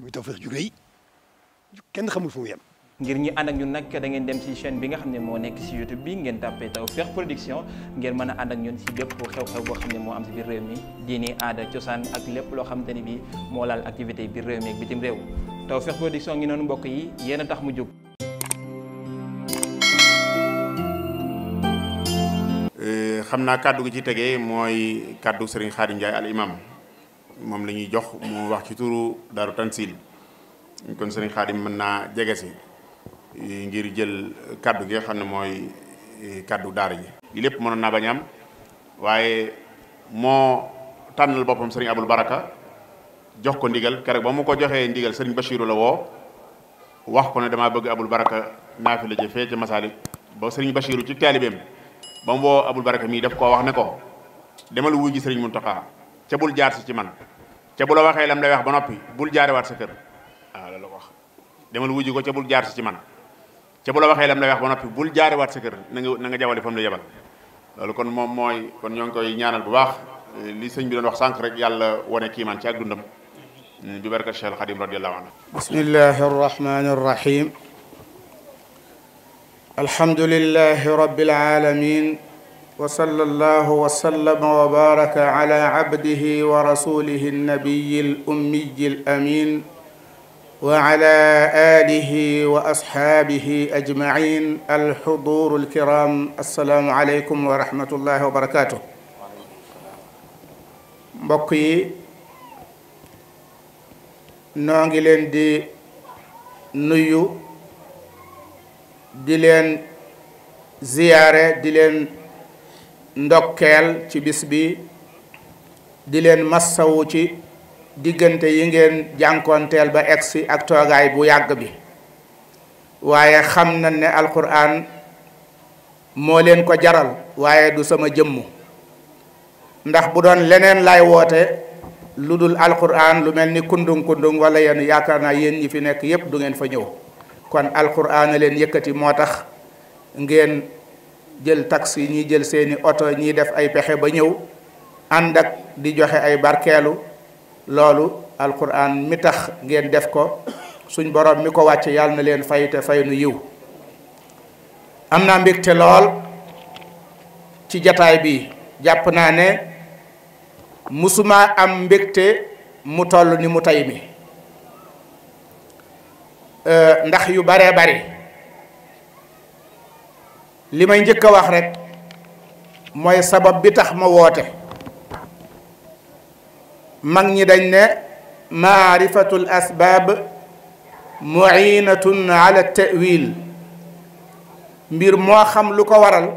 muy Tawfekh ju rëy kenn xamul fu mu ngir ñi ànd ak ñun nag da ngeen dem ci chaîne bi nga xam ne moo nekk ci YouTube bi ngeen tàppee Tawfekh Production ngeen mën a ànd ak ñun ci bépp xew-xew boo xam ne moo am ci biir réew mi diini aada cosaan ak lépp loo xamante ni bi moo laal activité biir réew mi ak bitim réew Tawfekh Production ngi noonu mbokk yi yéen a tax mu jóg. Eh, xam naa kàddu gi ci tegee mooy kàddu Serigne Khadim Ndiaye al moom la ñuy jox mu wax ci turu Daaru Tansil kon sëriñ Xaadim mën naa jege si ngir jël kàddu gi xam ne mooy eh, kàddu daara ji li lépp mënoon naa bañ am waaye moo tànnal boppam sëriñ Abul Baraka jox ko ndigal keroog ba mu ko joxee ndigal sëriñ Bachiru la woo wax ko ne damaa bëgg Abul Baraka naafi la jëfee ca Masaalik ba sëriñ Bachiru ci taalibeem ba mu woo Abul Baraka mii daf koo wax ne ko demal wuy ji sëriñ Muntaxa ca jaar si ci man ca bu la waxee lam lay wax ba noppi bul jaarewaat sa kër waaw ah, loolu la ko wax demal wujji ko ca bul jaar si ci man ca bu la waxee lam lay wax ba noppi bul jaarewaat sa kër na nga na nga jawali fa mu la yebal loolu kon moom mooy kon ñoo ngi koy ñaanal bu baax eh, li sëñ bi doon wax sànq rek yàlla wane kiimaan ci ak dundam bi mm, barkat Cheikh Xadim radiyallahu anhu bismillahi arrahmani arrahim وصلى الله وسلم وبارك على عبده ورسوله النبي الأمي الأمين وعلى آله وأصحابه أجمعين الحضور الكرام السلام عليكم ورحمة الله وبركاته mbokk yi noo ngi leen di nuyu di leen ziyaare di leen ndokkeel ci bis bi di leen massawu ci diggante yi ngeen jànkoonteel ba egsi ak toogaay bu yàgg bi waaye xam na ne alquran moo leen ko jaral waaye du sama jëmm ndax bu doon leneen lay woote lu dul alquran lu mel ni kundung kundung wala yenn yaakaar naa yéen ñi fi nekk yépp du ngeen fa ñëw kon alquran a leen yëkkati moo tax ngeen jël taxi ñii jël seeni oto ñii def ay pexe ba ñëw ànd ak di joxe ay barkeelu loolu alquran mi tax ngeen def ko suñ borom mi ko wàcc yàlla na leen fay te nu yiw am naa mbégte lool ci jataay bi jàpp naa ne musuma am mbégte mu toll ni mu tey mi ndax yu baree bari li may njëkk a wax rek mooy sabab bi tax ma woote mag ñi dañ ne maarifatu l asbaab muinatun ala tawil mbir moo xam lu ko waral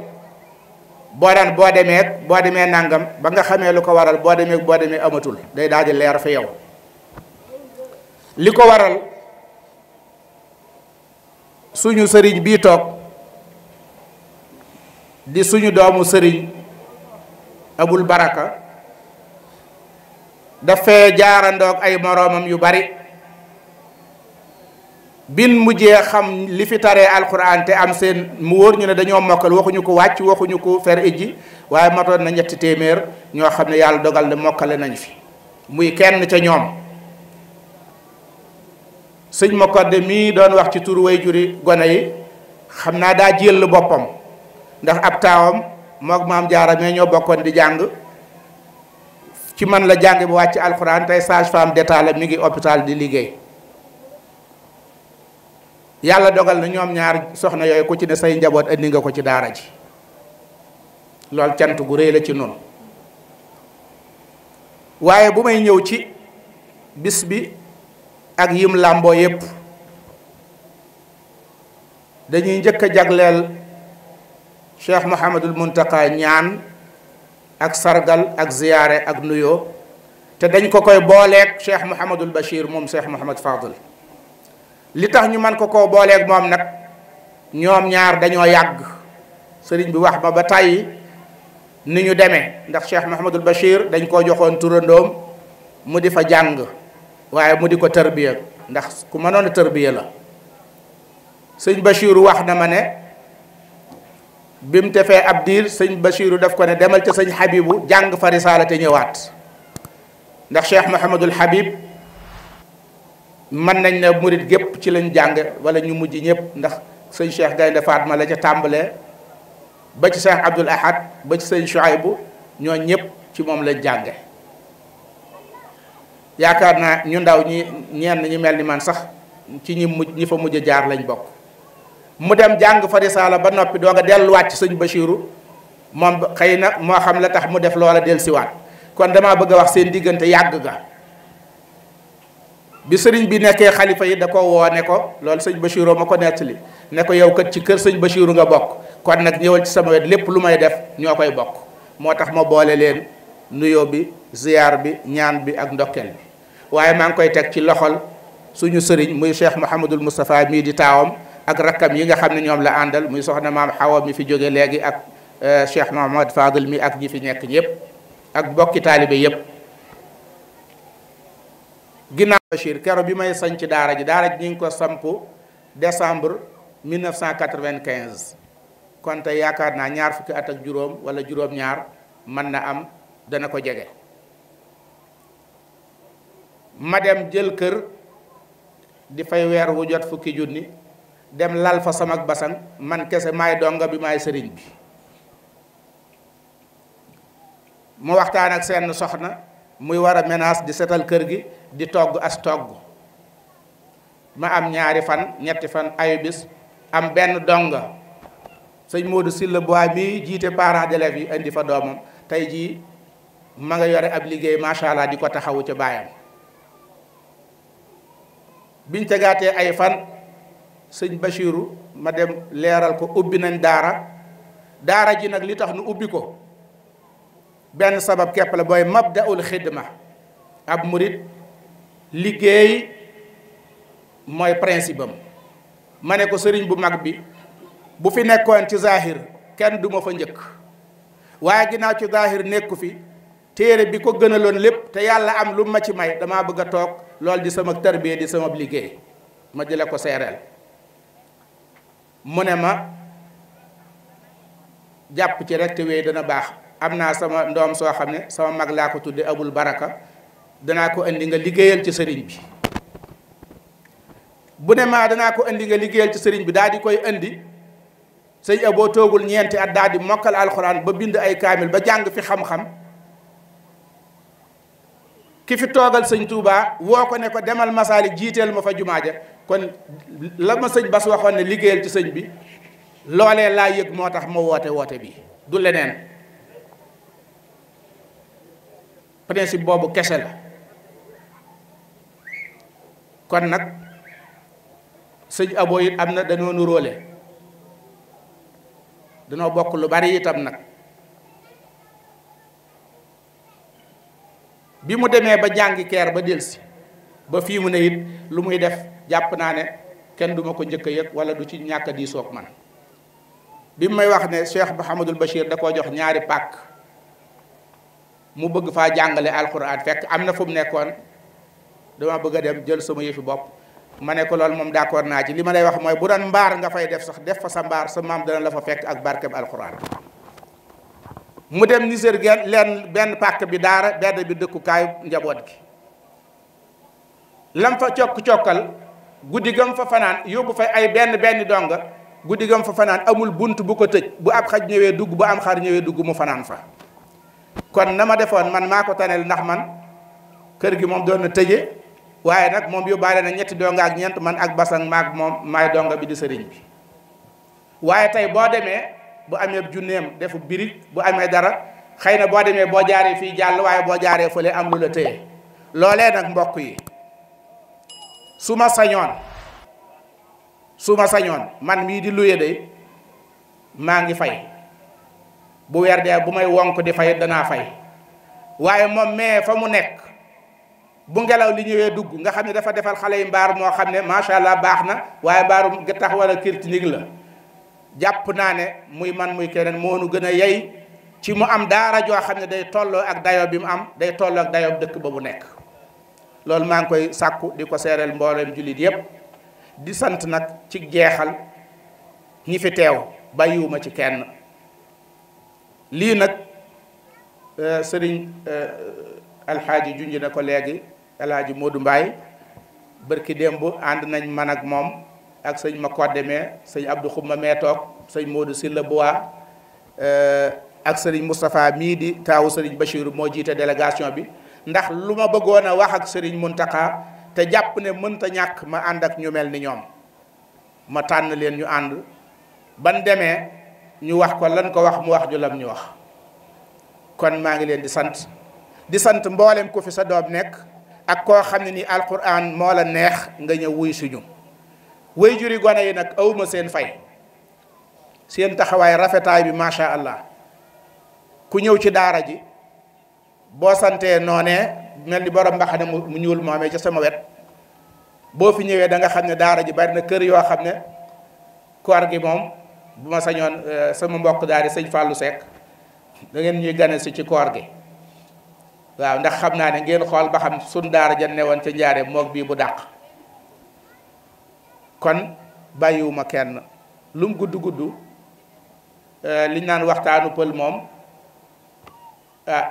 boo daan boo demee boo demee nangam ba nga xamee lu ko waral boo demee boo demee amatul day daal di leer fa yow li ko waral suñu sëriñ bii toog di suñu doomu sëriñ abul baraka dafee jaarandoog ay moroomam yu bari bin mujjee xam li fi taree alxuraan te am seen mu wóor ñu ne dañoo mokkal waxuñu ko wàcc waxuñu ko fer ijji waaye matoon na ñetti téeméer ñoo xam ne yàlla dogal na mokkale nañu fi muy kenn ca ñoom sëñ Makodde mii doon wax ci tur way juri gone yi xam naa daa jël boppam ndax ab taawam moog maam jaara mee ñoo bokkoon di jàng ci man la jàng bu wàcc alxuraan tey sage-femme d'État mi ngi hôpital di liggéey yàlla dogal na ñoom ñaar soxna yooyu ku ci ne say njaboot andi nga ko ci daara ji loolu cant gu rëy la ci noonu waaye bu may ñëw ci bis bi ak yim làmboo yépp dañuy njëkk a jagleel cheikh Mouhamadul Muntaka ñaan ak sargal ak ziyaare ak nuyo te dañ ko koy booleeg cheikh Mouhamadul Bachir moom cheikh Mouhamad Fadil li tax ñu man ko koo booleeg moom nag ñoom ñaar dañoo yàgg sëriñ bi wax ma ba tàyyi ni ñu deme ndax cheikh Mouhamadul Bachir dañ koo joxoon turandoom mu di fa jàng waaye mu di ko tërbiya ndax ku mënoon a tërbiya la sëñ Bachir wax na ma ne. bi mu defee ab diir sëñ Bachiru def ko ne demal ca sëñ Habibu jàng fa risaala te ñëwaat ndax Cheikh Mouhamadul Habib mën nañ ne murit gépp ci lañ jàng wala ñu mujj ñëpp ndax sëñ Cheikh Gaynde Fatma la ca tàmbalee ba ci Cheikh bu Ahad ba ci ñoo ñëpp ci moom lañ jànge yaakaar naa ñu ndaw ñi ñenn ñi mel ni man sax ci ñi mujj ñi fa mujj jaar lañ bokk mu dem jàng fa risaala ba noppi doog a delluwaat ci sëñ Bachiru moom xëy na moo xam la tax mu def loola siwaat kon damaa bëgg a wax seen diggante yàgg nga bi sëriñ bi nekkee xalifa yi da ko woo ko loolu sëñ Bachiru ma ko nettali ne ko yow kat ci kër sëñ Bachiru nga bokk kon nag ñëwal ci sama wet lépp lu may def ñoo koy bokk moo tax ma boole leen nuyo bi ziyaar bi ñaan bi ak ndokkeel bi waaye maa ngi koy teg ci loxol suñu sëriñ muy cheikh Mouhamadul Moustapha mii di taawam ak rakkam yi nga xam ne ñoom la àndal muy soxna maam Xawa mi fi jóge léegi ak euh, Cheikh Mohamad Fadil mi ak ñi fi nekk ñëpp ak bokki taalibe yëpp ginnaaw Bachir kero bi may sañc daara ji daara ji ñu ngi ko samp décembre 1995 kon tey yaakaar naa ñaar fukki at ak juróom wala juróom-ñaar mën na am dana ko jege ma dem jël kër di fay weer wu jot fukki junni dem lal fa sama basang man kese maay donga bi may sëriñ bi mu waxtaan ak seen soxna muy war a menace di setal kër gi di togg as togg ma am ñaari fan ñetti fan ayu bis am benn donga sëñ Modou Sylla Bois mii jiite parents d'élèves yi indi fa doomam tey jii ma nga yore ab liggéey macha allah di ko taxawu ca baayam biñ tegaatee ay fan sëñ Bachiru ma dem leeral ko ubbi nañ daara daara ji nag li tax nu ubbi ko benn sabab kepp la booy mab mabdaul xidma ab murit liggéey mooy principe ma ne ko sëriñ bu mag bi bu fi nekkoon ci zahir kenn du ma fa njëkk waaye ginnaaw ci zahir nekku fi téere bi ko gënaloon lépp te yàlla am lu ma ci may damaa bëgg a toog loolu di sama tarbiya di sama liggéey ma di la ko seereel mu ne ma jàpp ci rek te wéy dana baax am naa sama ndoom soo xam ne sama mag laa ko tudde abul baraka danaa ko indi nga liggéeyal ci sëriñ bi bu ne maa danaa ko indi nga liggéeyal ci sëriñ bi daal di koy indi sëñ aboo toogul ñeenti at daal di mokkal alxuraan ba bind ay kaamil ba jàng fi xam-xam ki fi toogal sëñ Touba woo ko ne ko demal Masaalik jiiteel ma fa jumaa ja kon la ma sëñ Bas waxoon ne liggéeyal ci sëñ bi loolee laa yëg moo tax ma woote woote bi du leneen principe boobu kese la kon nag sëñ Abo it am na dañoo nuroole danoo bokk lu bari itam nag. bi mu demee ba jàngi keer ba si ba fii mu ne it lu muy def jàpp naa ne kenn duma ko njëkk a yëg wala du ci ñàkk a diisoog man bi may wax ne Cheikh Mouhamadul Bachir da koo jox ñaari pàkk mu bëgg faa jàngale alxuraan fekk am na fu mu nekkoon dama bëgg a dem jël sama yëfi bopp ma nekk ko loolu moom d'accord naa ci li ma lay wax mooy bu daan mbaar nga fay def sax def fa sa mbaar sa maam dana la fa fekk ak barkeb alxuraan mu dem Niger gen leen benn pàkk bi daara benn bi dëkkukaayu njaboot gi lam fa cokk-cokkal guddi gam fa fanaan yóbbu fa ay benn benn donga guddi gam fa fanaan amul bunt bu ko tëj bu ab xaj ñëwee dugg bu am xar ñëwee dugg mu fanaan fa kon na ma defoon man maa ko taneel ndax man kër gi moom doon na tëje waaye nag moom yóbbaale na ñetti donga ak ñeent man ak basang maag moom maay donga bi di sëriñ bi waaye tey boo demee bu amee junneem defu birig bu amee dara xëy na boo demee boo jaaree fi jàll waaye boo jaaree fële am lu la téye loolee nag mbokk yi su ma sañoon su ma sañoon man mii di luye de maa ngi fay bu weer dee bu may wonk di fay danaa fay waaye moom mais fa mu nekk bu ngelaw li ñëwee dugg nga xam ne dafa defal xale yi mbaar moo xam ne macha allah baax na waaye mbaarum gattax wala kirtinig la jàpp naa ne muy man muy keneen moonu gën a yey ci mu am daara joo xam ne day tolloo ak dayo bi mu am day tolloo ak dayo dëkk ba bu nekk loolu maa ngi koy sàkku di ko seereel mbooleem jullit yépp di sant nag ci jeexal ñi fi teew bàyyiwuma ci kenn lii nag euh, sëriñ euh, alxaaji junj na ko léegi alxaaji Modou Mbaye bërki démb ànd nañ man ak moom ak sëñ ma Makodde mee sëñ Abdou Xumma mee toog sëñ Modou Silla Boa euh, ak sëriñ Moustapha mii di taawu sëriñ Bachir moo jiite délégation bi ndax lu ma bëggoon a wax ak sëriñ Muntaka te jàpp ne mënta ñàkk ma ànd ak ñu mel ni ñoom ma tànn leen ñu ànd ban demee ñu wax ko lan ko wax mu wax ju lam ñu wax kon maa ngi leen di sant di sant mboolem ku fi sa doom nekk ak koo xam ne ni alquran moo la neex nga ñëw wuy suñu way juri gone yi nag awma seen fay seen taxawaay rafetaay bi macha allah ku ñëw ci daara ji boo santee noonee mel ni borom mbaxane mu ñuul moomee ca sama wet boo fi ñëwee danga xam ne daara ji bari na kër yoo xam ne koor gi moom bu ma sañoon euh, sama mbokk daal di sëñ Fallou Seck da ngeen ñuy gane si ci koor gi waaw ndax xam naa ne ngeen xool ba xam sun daara ja ne woon ca njaare moog bii bu dàq kon bàyyiwuma kenn lum gudd gudd eh, liñ naan waxtaanu pël moom ah,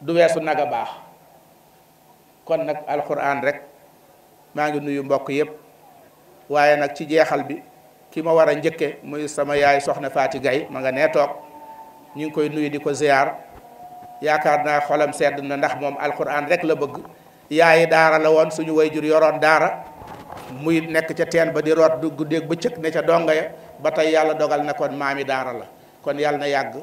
du weesu nag a baax kon nag alxuraan rek maa ngi nuyu mbokk yépp waaye nag ci jeexal bi ki ma war a njëkke muy sama yaay soxna Faati Gay ma nga nee toog ñu ngi koy nuyu di ko ziyaar yaakaar naa xolam sedd na ndax moom alxuraan rek la bëgg yaayi daara la woon suñu wayjur yoroon daara muy nekk ca teen ba di root du guddeeg bëccëg ne ca donga ya ba tey yàlla dogal na kon maami daara la kon yàlla na yàgg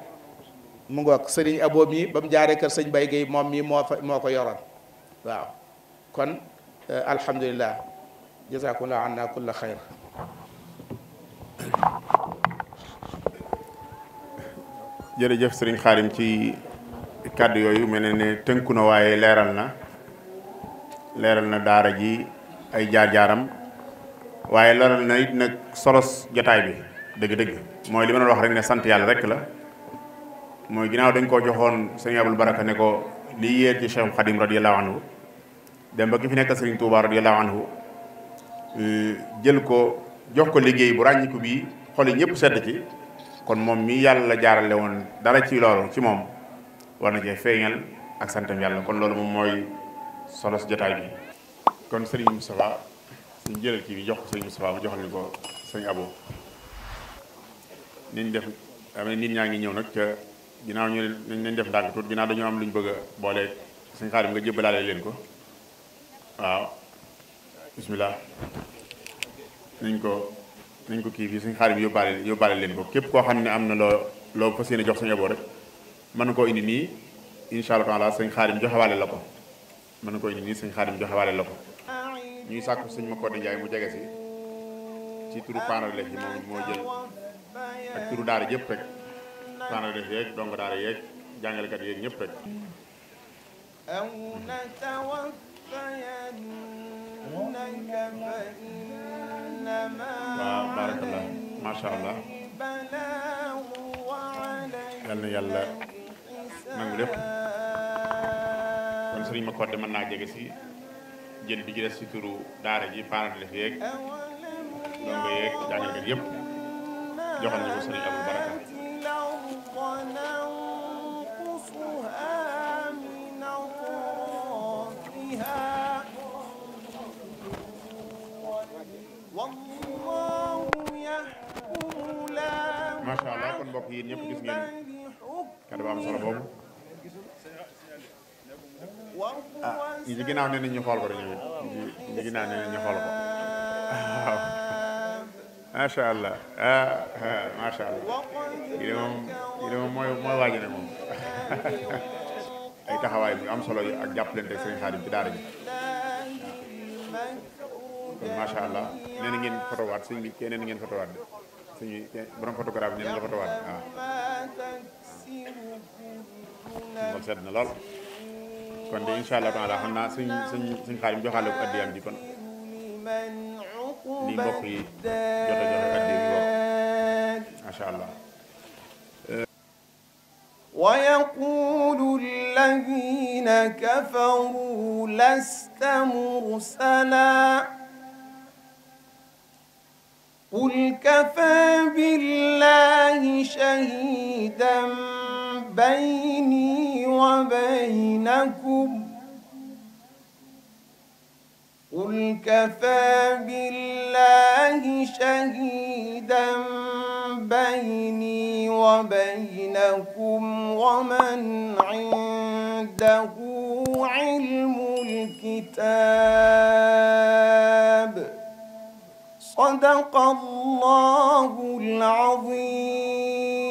mu ngoog sëriñ Abo mii ba mu jaaree kër sëñ Bay Géey moom mii moo fa moo ko yoroon waaw kon euh, alhamdulilah jazakumullah anna jërëjëf sëriñ Xaadim ci kàddu yooyu mel ne ne tënku na waaye leeral na leeral na daara ji ay jaar-jaaram waaye loral na it nag solos jotaay bi dëgg-dëgg mooy li ma doon wax rek ne sant yàlla rek la mooy ginnaaw dañ koo joxoon sëñ Abdul Baraka ne ko lii yéen ci Cheikh Khadim radiyallahu anhu dem ba ki fi nekk sëriñ Touba radiyallahu anhu euh, jël ko jox ko liggéey bu ràññiku bii xoli ñëpp sedd ci kon moom mii yàlla jaarale woon dara ci loolu ci moom war na cee feeñal ak santam yàlla kon loolu moom mooy solos jotaay bi kon sëriñ Moustapha ñu jëlal kii bi jox ko sëñ Moustapha mu joxal ñu ko sëñ Abo niñ def amee nit ñaa ngi ñëw nag ca ginnaaw ñu nañ def ndànk tuut ginnaaw dañoo am lu ñu bëgg a boole sëñ Xaadim nga jëbbalaale leen ko waaw bismillah nañ ko nañ ko kii bi sëñ Xaadim yóbbaale yóbbaale leen ko képp koo xam ne am na loo loo fas yéene jox sëñ Abo rek mën na koo indi nii incha allah taala sëñ Xaadim joxewaale la ko mën na koo indi nii sëñ Xaadim joxewaale la ko ñuy sàkku sëñ Makoddi Njaay mu jege si ci turu paanale yi moom moo jël ak turu daara yëpp rek paanale yeeg dong daara yeeg jàngalekat yeeg ñëpp rek waaw barakallah masha allah yal na yàlla nangu lépp kon sëriñ Makoddi mën naa jege si jël di ci des ci turu daara ji parent def yeeg dongo yeeg jàngalekat yëpp joxoon nañu ko sëriñ Abdou Baraka macha allah kon mbokk yi ñëpp gis ngeen kàddu ba am solo boobu ah ñi ci ginnaaw nee nañ ñu xool ko dañu ñi ci ginnaaw nee nañ ñu xool ko waaw macha allah ah, ah macha allah yi de moom yi de moom mooy mooy waaji ne moom ay taxawaay yu am solo yu ak jàppalante Serigne Khadim ci daara ji kon macha allah nee na ngeen fotowaat sëñ bi kee nee na ngeen fotowaat de suñu borom photographe nee na nga fotowaat waaw. loolu sedd na lool. kon de incha allah taala xam naa suñ suñ suñ xaarim joxaale ko addiyam ji kon li mbokk yi jot a joxe addi bi boobu macha allah ويقول الذين كفروا لست مرسلا قل كفى بالله شهيدا بيني وبينكم قل كفى بالله شهيدا بيني وبينكم ومن عنده علم الكتاب صدق الله العظيم